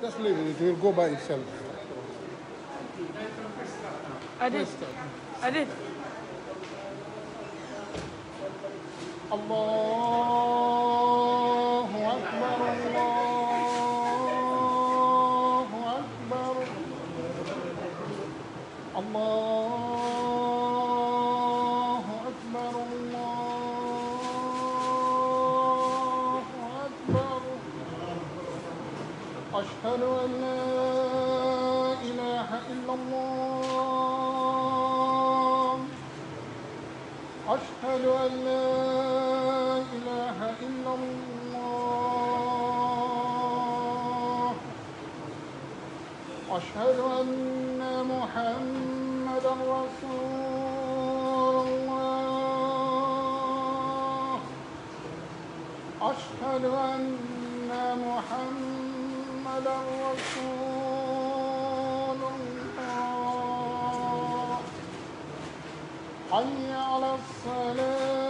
Just leave it. It will go by itself. I did. I did. Allah. أشهد ان محمدا رسول الله اشهد ان محمدا رسول الله حي على الصلاه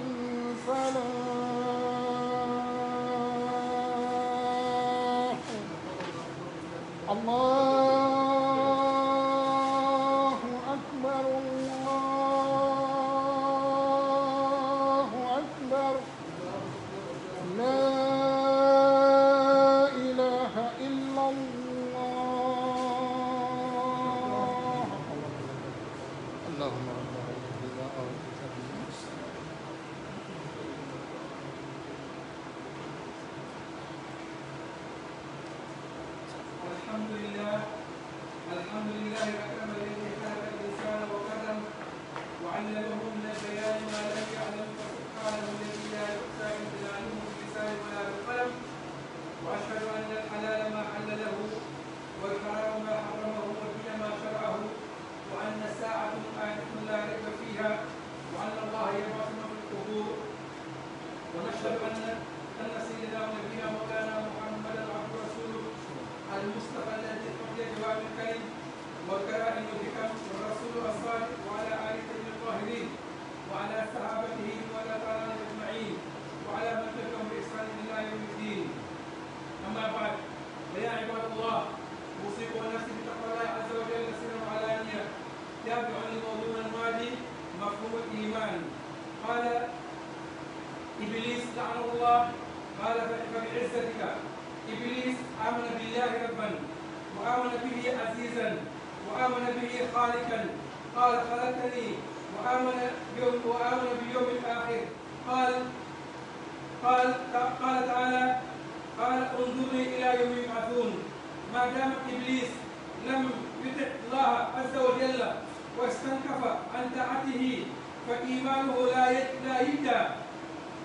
استنكف عن طاعته فإيمانه لا لا يبدا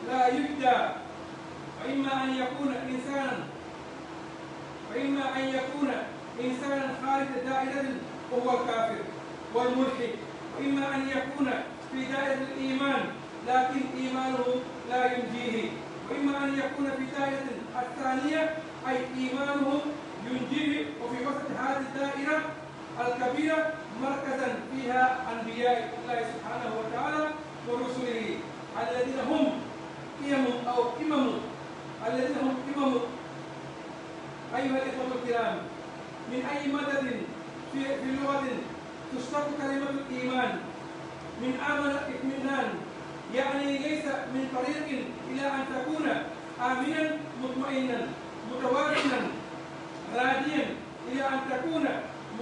لا يبدا وإما أن يكون إنسانا وإما أن يكون إنسانا خارج دائرة وهو الكافر والملحد وإما أن يكون في دائرة الإيمان لكن إيمانه لا ينجيه وإما أن يكون في دائرة الثانية أي إيمانه ينجيه وفي وسط هذه الدائرة الكبيرة مركزا فيها انبياء الله سبحانه وتعالى ورسله الذين هم قيم إمم او قمم الذين هم قمم ايها الاخوه الكرام من اي مدد في لغه تشتق كلمه الايمان من امن اطمئنان يعني ليس من طريق الى ان تكون امنا مطمئنا متوازنا راديا الى ان تكون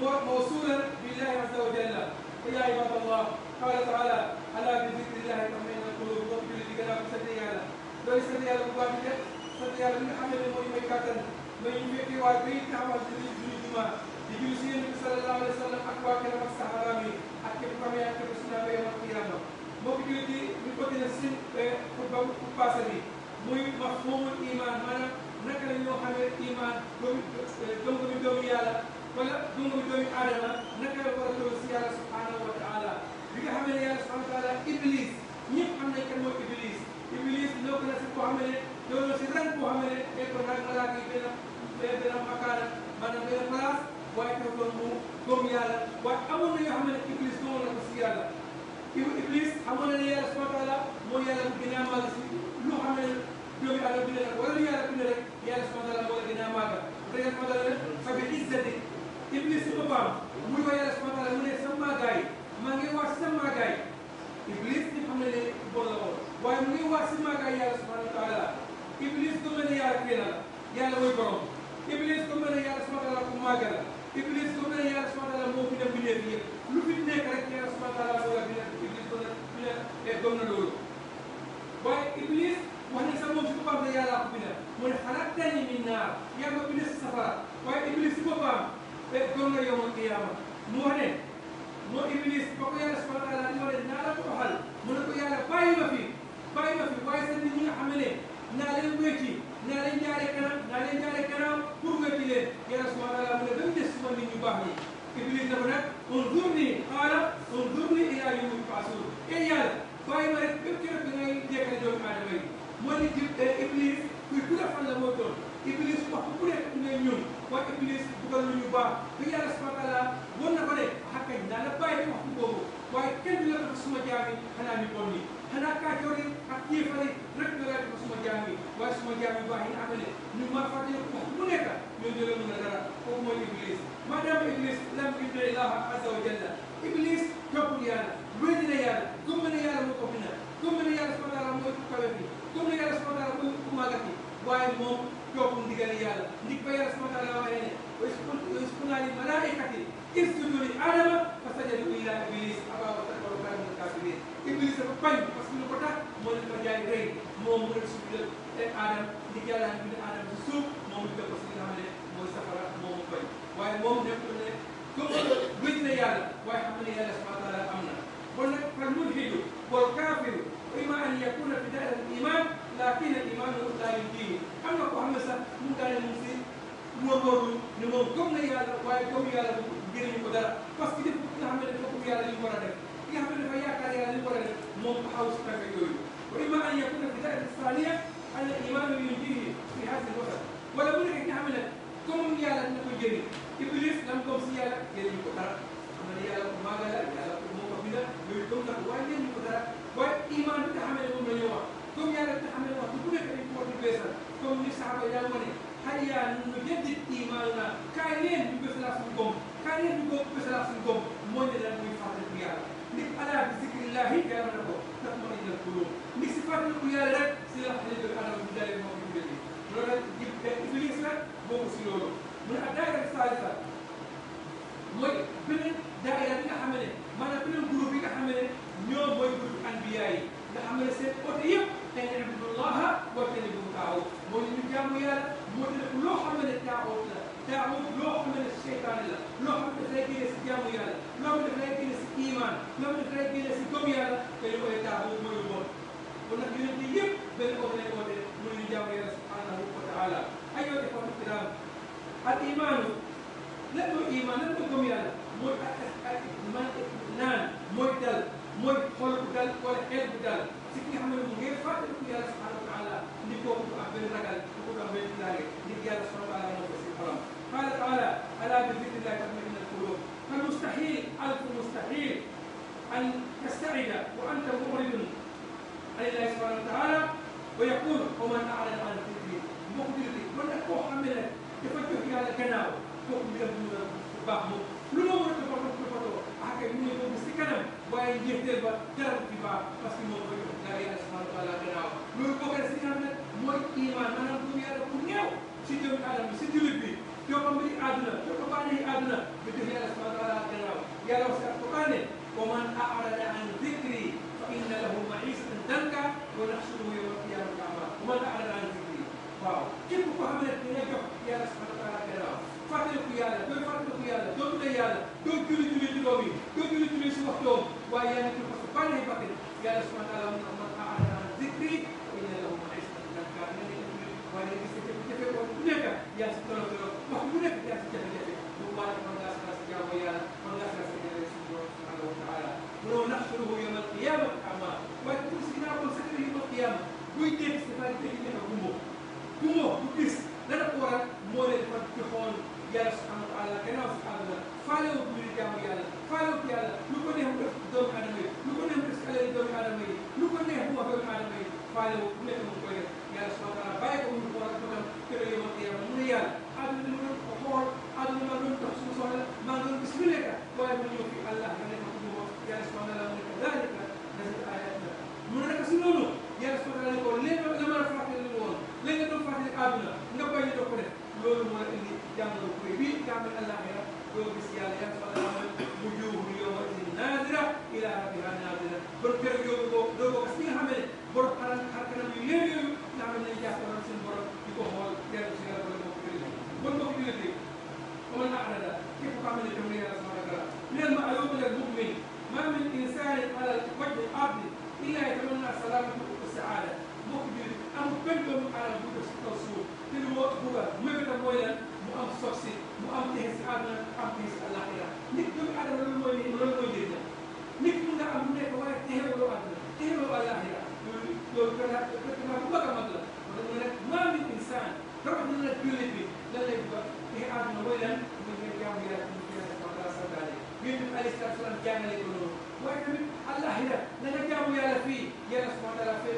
موصولا بالله عز وجل فيا عباد الله قال تعالى الا بذكر الله تطمئن القلوب وفي الذي واغفر لذكرى بسريانا ليس ريال مباركه على من حمل المؤمن ويمكاتا من يمكي وبيت عمل جنيدما يجوزي النبي صلى الله عليه وسلم أقوى كلام السحرامي أكيد كما يكتب سنه يوم القيامه موجودي من كل نسين خطبه باسمي muy مفهوم الإيمان مانا naka يوم حمل الإيمان دوم دوم يالا wala dundu doomi aadama naka la war a toll si yàlla subhanahu wa taala bi nga xam ne yàlla subhanahu wa taala iblis ñëpp xam nañ kan mooy iblis iblis loo ko na si koo xam ne loolu si ren koo xam ne day ko naan malaaka yi benn benn makaana maanaam benn place waaye tax doon mu gëm yàlla waaye amoon na yoo xam ne iblis gëmoon na ko si yàlla iblis xamoon na ne yàlla subhanahu wa taala moo yàlla gën a màgg si loo xam ne doomi aadama bi ne rek wala lu yàlla bi ne rek yàlla subhanahu wa taala moo la gën a màgg ibni sukubam mu ñu yalla subhanahu wa ta'ala mu ne sama gaay ma ngi wax sama gaay iblis ni xam ne ni bon la woon waaye mu ngi wax sama gaay yalla ya subhanahu wa ta'ala iblis du mel ni yalla kii na yalla ya muy borom iblis du mel ni yalla subhanahu wa ta'ala ku màgg la iblis du mel ni yalla subhanahu wa ta'ala moo fi dem bi yëpp yawmal qiyaama mu wax ne moo Iblis ba ko yàlla subhaanahu wa taala di wax ne naa la ko waxal mu ne ko yàlla bàyyi ma fi bàyyi ma fi waaye seen nit ñi nga xam ne naa leen wécci naa leen jaare kanam naa leen jaare kanam pour wécci leen yàlla subhaanahu wa taala mu ne ba mu des suma nit ñu baax ñi Iblis dafa nag unzurnii qaala unzurnii ilaa yawmi yub'asuun e yàlla bàyyi ma rek bépp keroog bi ngay jekkale doomu aadama yi moo ne Iblis kuy ku la fan la moo doon Iblis ñun waaye Iblis dugal nañu baax bi yàlla subhanahu wa taala war na ko ne xakkañ naa la bàyyi wax boobu waaye kenn du la def suma jaam yi xanaa ñu bon ni xanaa kaajoor yi ak yéefar yi rek nga laa def suma jaam yi waaye suma jaam yi baax yi nga xam ne ñu ma fàttali ko mu nekk ñoo jëlee mun a dara kooku mooy Iblis maanaam Iblis lam yuti ilaha azza wa jalla Iblis toppul yàlla wéddi na yàlla gëm na yàlla moo ko bind gëm na yàlla subhanahu wa taala mooy kawe bi gëm na yàlla subhanahu wa taala mooy ku màggat yi waaye moom joobu ndigali yàlla ndi ko yàlla subhanahu wa taala waxee ne wa yasquna li malaikati isjudu li adama fa sajadu illa iblis aba wa takbara wa kana min kafirin iblis dafa bañ parce que lu ko tax moo leen fa jaay rëy moom mu leen sujudal te aadama ndi yàlla bind aadama si suuf moom ñu def ko si nga safara moom mu bañ waaye moom nekkul ne gëmalo wéj na yàlla waaye xam ne yàlla subhanahu wa am na bon nag fan mun xidu wal kaafiru ima an yakuna bidaya al iman lakin al iman la xam ne sax mu daane moom si góorgóorlu ne moom gëm na yàlla waaye gëm yàlla bu jëriñu ko dara parce que def ki nga xam ne dafa gëm yàlla li mu war a def ki nga xam ne dafa yaakaar yàlla li mu war a def moom taxaw si tànk yooyu wa imma an yakuna fi daara saaliya an al iman yunjihi fi hadi al wasat wala mu nekk nga xam ne comme yàlla dina ko jëriñ iblis dam gëm si yàlla jëriñu ko dara xam ne yàlla ko maaga la yàlla ko moo ko binda yooyu gëm na ko waaye jëriñu ko dara waaye iman bi nga xam ne moom la ñu wax كم يا رب تحملنا بكل كريم فوق البيزا كم نسعى يومنا هيا نجدد إيماننا كاينين بفلاسكم كاينين بفلاسكم من لم يفعل بيا نك على بذكر الله يا رب تطمئن القلوب نك صفات يا رب سيرح لي أنا بالله الموجود لي لولا جبت إبليس هو مسلوله من الدائرة الثالثة mooy beneen daayira bi nga xam ne maanaam beneen groupe bi nga xam ne ñoom mooy groupe anbiya yi العمل السيبقوتية تنعبد الله وتنعبد الطاغوت مولد الجاموية مولد لوح من الطاغوت الطاغوت لوح من الشيطان لوح من الفلاكي لسجاموية لوح من الفلاكي لسكيمان لوح من الفلاكي لسكومية فلو الطاغوت مولد ونحن نتيجة بالأغنى مولد الجاموية سبحانه وتعالى أيها الإخوة الكرام الإيمان لم إيمان لم يكن يعني مولد الإيمان إثنان مولد mooy xool bu dal wala xel bu dal si ki nga xam ne mu ngeen fàttali ko yàlla subhanahu wa taala ni kooku du am benn ragal du ko am benn tilaale ni yàlla subhanahu wa taala moo ko si xolam قال تعالى ألا بذكر الله تطمئن القلوب فمستحيل ألف مستحيل أن تستعد وأنت مغرب عن الله سبحانه وتعالى ويقول ومن أعلن عن ذكري مخبرني وأنا كو حمل تفجر على الكناوة كو من الباب Belum ada kepada-kepada Akan ini pun mesti kanan Buat yang dia tiba Dan tiba Pasti mau beri Dari atas malam balang ke dalam Lalu kau kena sikap Mau iman Mana pun dia ada pun Nyau Situ yang kalah Situ lebih Dia akan beri adna Dia akan beri adna Betul dia atas malam balang ke dalam Ya Allah sekarang kau kanan Koman a'arada an zikri Fa'inna lahum ma'is Tentangka Kau nak suruh Ya Allah Kau nak suruh Ya Allah Kau nak suruh Ya Allah Kau nak suruh Ya Allah Kau nak suruh Ya Allah fatale ko yàlla dooy fatale ko yàlla doo tudde yàlla doo julli julli digoom yi doo julli julli si wax doom waaye yàlla ko parce que bàyyi nañ fatale yàlla su ma taalaa mu xam ak xaaral daal zikri ko yàlla moom ay sa dakkaar nga ne waaye nga gis ne jafe-jafe boobu bu nekk yàlla si torop ايام الاخره يوم سيالها فالامر وجوه يومئذ ناظره الى ربها ناظره بركر يوم دوغو كسي حمل بر حرن حركنا يلي يوم نعمل نجا فرن سن بر يكو هول تير سي رب لو كري بون بو كري دي ومن اعرض كيف تعمل الجمله يا سبحان الله من المعلوم للمؤمن ما من انسان على وجه الارض الا يتمنى سلامه والسعاده مقبل ام كلهم على الهدى التوصول تلو هو مبدا مويلا كان لقلوب وإن من الله هنا نجاو يا لفي يا سبحان الله في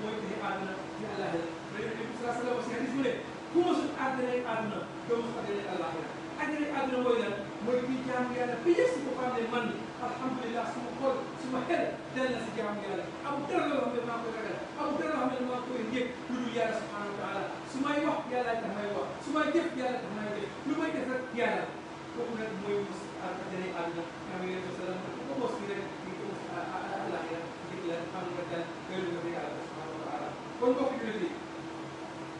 موته آدنا في الله هنا النبي صلى الله عليه وسلم حديث من كوس آدنا آدنا كوس آدنا الله هنا آدنا آدنا وين موي في جام يا لفي سبحان من الحمد لله سبحان كل سبحان دلنا سجام يا لفي أو ترى لهم ما كنا أو ترى لهم ما كنا يقول يا سبحانه وتعالى سماي وح يا لا تهمي وح سماي جف يا لا تهمي لما يدفع يا لا وكنا موي مسلم والموقف الذي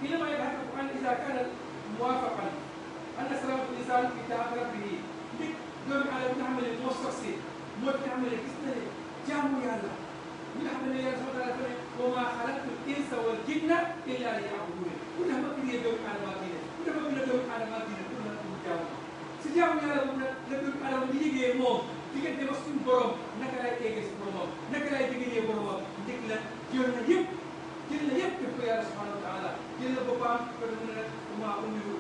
حينما يبحث عن اذا كان موافقا ان سلامه الانسان في تاثر به لك دوم على بتعمل مو شخصي مو بتعمل كسنه جامو يا الله ونحن يا رسول الله وما خلقت الانس والجن الا ليعبدون كلها ما كنا يدور على ما كنا كلها ما كنا يدور على ما كنا كلها جامو si jaamu yàlla boobu nag la doomu adama di liggéey moom diggante ba suñu borom naka laay eggee si boromam naka laay déggee boromam njëkk la jël na yëpp jël na yëpp def ko yàlla subhanahu wa taala jël na boppam ko def na nag ma umiru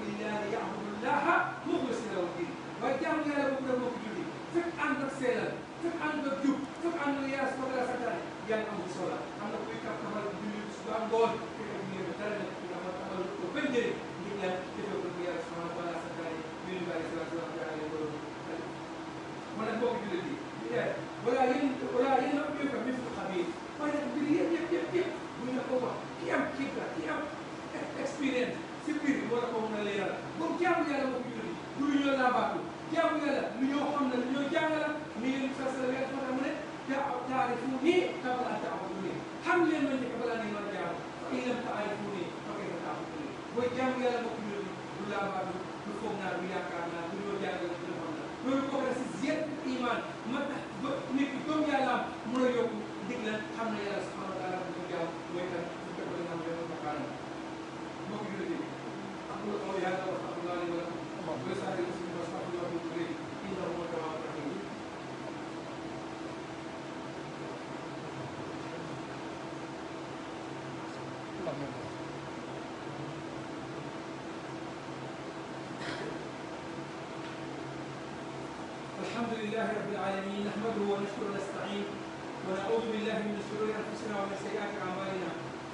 yërmande balaa ngay mën a jaamu in lam ta'rifuuni fa kayfa ta'rifuuni booy jaamu yàlla mbokk ñu du laabaatu du foog naa du yaakaar naa du ñoo jàngal du la xam naa loolu bokk na si ziyat iman الحمد لله رب العالمين نحمده ونشكره ونستعين ونعوذ بالله من شرور انفسنا ومن سيئات اعمالنا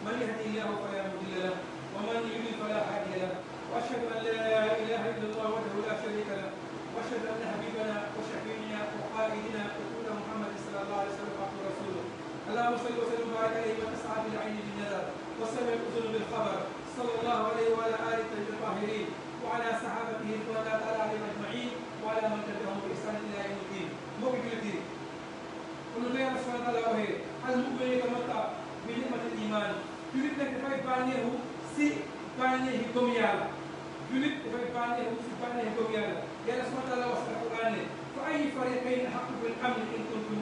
من يهدي الله فلا مضل له ومن يضلل فلا هادي له واشهد ان لا اله الا الله وحده لا شريك له واشهد ان حبيبنا وشفيعنا وقائدنا رسول محمد صلى الله عليه وسلم عبد رسوله اللهم صل وسلم وبارك عليه وتسعى بالعين بالنذر وسمع الاذن بالخبر صلى الله عليه وعلى اله الطاهرين وعلى صحابته الفضلاء الله اجمعين وعلى من تبعهم بإحسان إلى يوم الدين مؤمن الدين kon yàlla subhanahu wa taala waxee al mu'minu yatamatta bi ni'matil iman jullit nag dafay bànneexu si bànneexi gëm yàlla jullit dafay bànneexu si bànneexi gëm yàlla yàlla subhanahu wa taala wax na Alquran ne fa ayyu fariqayn ahaqqu bil amni in kuntum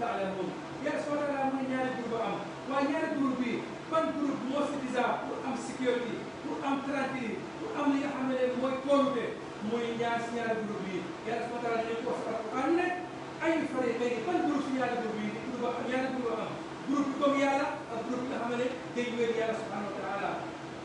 ta'lamun yàlla subhanahu wa taala mu ne ñaari groupe am waaye ñaari groupe bi ban groupe moo suffisant pour am sécurité pour am tranquillité pour am li nga xam ne mooy kóolute mulia siaran berubi. Ya semua terhadap itu asal aku kanne. Ayo sekali bagi pun guru siaran berubi. Guru bapa yang ada guru am. Guru itu biara, guru kita hamil dengan dia biara sepanjang terhala.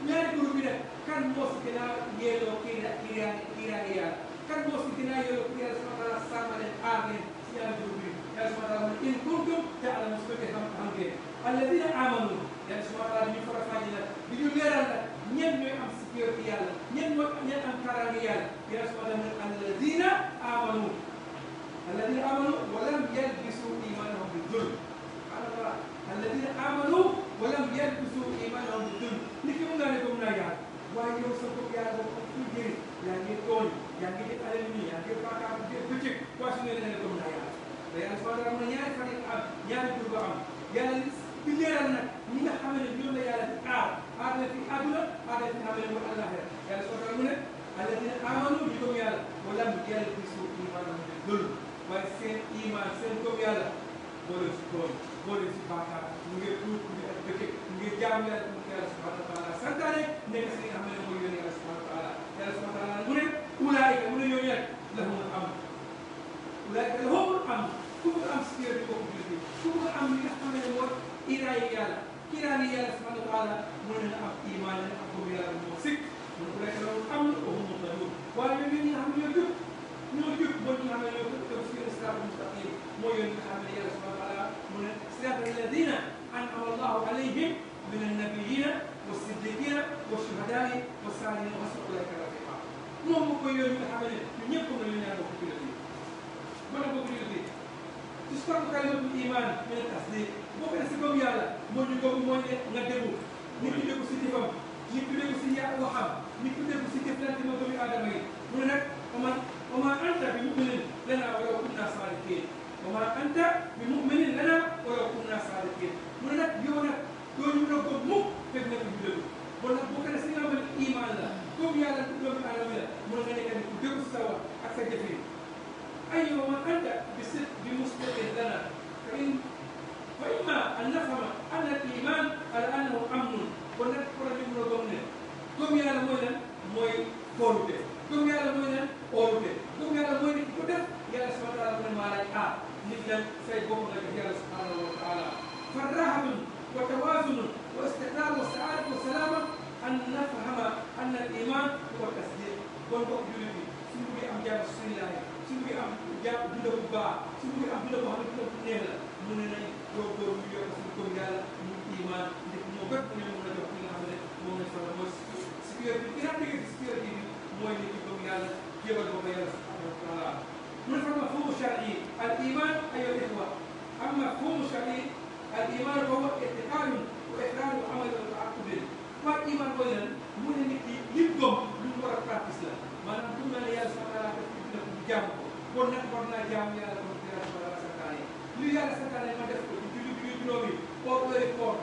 Yang guru biara kan bos kita na yelo kira kira kira kira. Kan bos kita na yelo kira semua sama dengan arne siaran berubi. Ya semua terhadap ini kultum tidak ada musibah yang hamil. Allah tidak amanu. Ya semua terhadap ini perkara ini. Bila ñenn ñooy am sécurité yàlla ñenn mooy ñenn am kaaraange yàlla yàlla su ma demee alladina amanu alladina amanu walam yalbisu imanahum bi zulm subhanallah alladina amanu walam yalbisu imanahum bi zulm nit ki mu nga ne gëm naa yàlla waaye yow sa bopp yàlla boo ko fu jëri yaa ngi tooñ yaa ngi def alal nii yaa ngi bàkkaar bu dee bëccëg waaye su ngeen ne gëm naa yàlla te yàlla su ma demee am na ñaari fan am ñaari tur am yàlla li leeral nag ñi nga xam ne ñoom la yàlla di aar aar na fi àdduna aar na fi amee mu àllaaxira yàlla soo tax mu ne alladina amanu ñu gëm yàlla wala mu jël ci suuf ñu maanaam ne loolu waaye seen iman seen gëm yàlla boole si doon boole si bàkkaar mu ngi tuub mu ngi ak dëkk mu ngi jaam yàlla mu ngi yàlla subhanahu wa taala santaane nekk si li nga xam ne mooy yónni yàlla subhanahu wa taala yàlla subhanahu wa taala mu ne ulaayika mu ne ñooñu rek lahumul am ulaayika lahumul am ku bëgg am si yéen di bokk jullit ku bëgg am li nga xam ne mooy iraay yàlla كيراني يا سبحانه وتعالى من أف إيمان أقوم يا الموسيق من أولئك لهم الأمن وهم مهتدون وأنا من يا هم يوجد نوجد من يا هم يوجد تفسير الصراط المستقيم مو ينتهي يا سبحانه وتعالى من صراط الذين أنعم الله عليهم من النبيين والصديقين والشهداء والصالحين وحسن أولئك رفيقا مو مو يوجد حمل من يكون من يا so kalimatu iman min tasdiq boo ko def si gëm yàlla moo ñu gëm moo ne nga déglu nit ki déglu si jëfam nit ki déglu si ya waxam nit ki déglu si jëflante ma doomi aadama yi mu ne nag aman wama anta bi muminin lana walaw kunna sadiqin wama anta bi muminin lana walaw kunna sadiqin mu ne nag yow nag doo ñu mën a gëm mukk fekk nga ñu déglu bon si nga xam ne la gëm yàlla doomi aadama la mu ne nga nekk ku déglu si sa ak sa jëfee أي أيوة من أنت بصدق بمصدق لنا فإن وإما أن نفهم أن الإيمان الآن هو أمن ونذكر بمن ضمنه كم يعلمون موي فوربه كم يعلمون شرعي الإيمان أيها الإخوة أما مفهوم شرعي الإيمان فهو اعتقاد وإقرار وعمل وتعاقد به والإيمان أولا من نكي يبدو من وراء البراكتس لا ما نقول لا يا سبحانه وتعالى جام kon war naa jaam yàlla ko dara wala sakaane lu yàlla sakaane ma def ko ci julli bi juróomi koor wari koor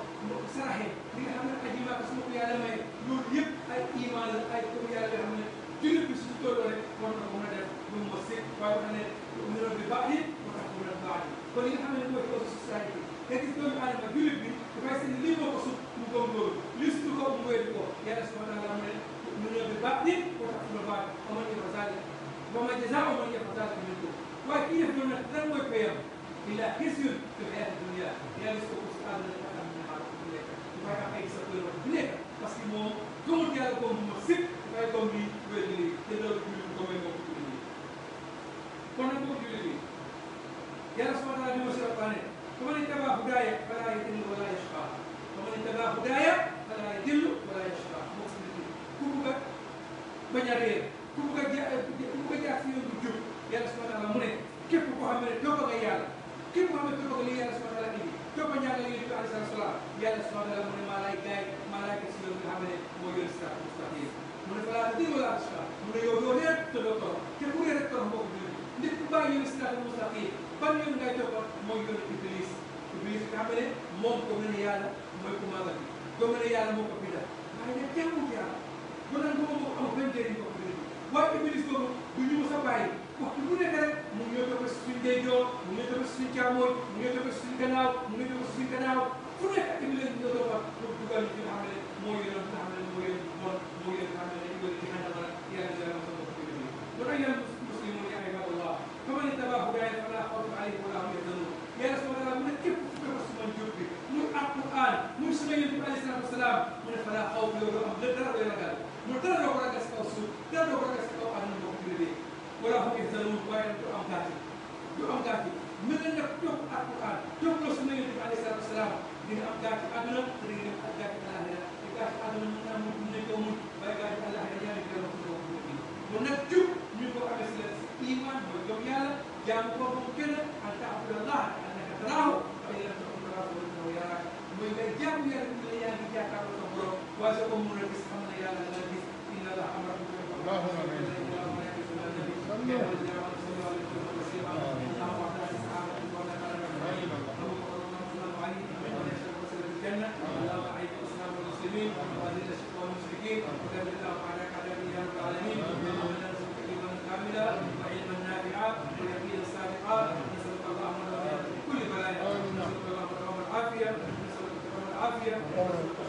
saraxe li nga xam ne aji maa ko su ma ko yàlla may loolu yëpp ay iman la ay comme yàlla yoo xam ne julli bi su tolloo rek war na ko mën a def ñun ba seet waaye wax ne minor bi baax yi moo tax mu def baax yi kon li nga xam ne mooy cause sociale bi te gis doomu aadama jullit bi dafay seen lii moo ko sut mu gëm loolu lii sutu ko mu wéy ko yàlla subhanahu wa taala ne minor bi baax yi moo tax mu def baax yi amoon yëpp zaali moom a jazaa amoon yëpp zaali min ko waaye kii yëf loolu nag lan mooy payam ila xisyun fi xayati dunia yàlla su ko si àdduna jàpp ne moom gëm na ne yàlla mooy commandement bi gëm na ne yàlla moo ko bindal waaye nag jaamu yàlla b o naan ko moom amul benn njëriñ ko ko waaye iblis boobu bu ñu mos a bàyyi c a x t u bu nekk rek mu ñëw topp si suñu ndeyjoor mu ñëw topp si suñu càmmooñ mu ñëw topp si suñu gannaaw mu ñëw topp si suñu gannaaw fu nekk iblis ñu doon wax pour dugal ñu nga e moy yoon xam ne moo yoroon n nga xam ne ci a moo yoroon bon moo yoroon nga xam ne dañu ci xanaa la y à l o a yàlla mos a bokk c o dëgg yi. loolu yàlla muslim mooy yaay ba Allah fa ma ne t a o a a x u gaay Ousmane Diop bi muy Alquran muy sunna Yonent bi alayhi salaatu wa salaam mu ne fa laa xawf yow doo am dara doo ragal mu dara doo ko ragal si kaw suuf dara doo ko ragal si kaw àdduna boo ko jëlee wala hum yahzanuun waaye nag du am gàcce du am gàcce mën na nag topp Alquran topp la sunna Yonent bi alayhi salaatu wa salaam di nga am gàcce àdduna te di nga am gàcce àllaaxira te gàcce àdduna mën naa mun nañ koo mun waaye gàcce àllaaxira yaa ngi koy wax si kaw suuf bi kon nag jub ñu ko amee si la iman mooy gëm yàlla jaamu ko Thank you.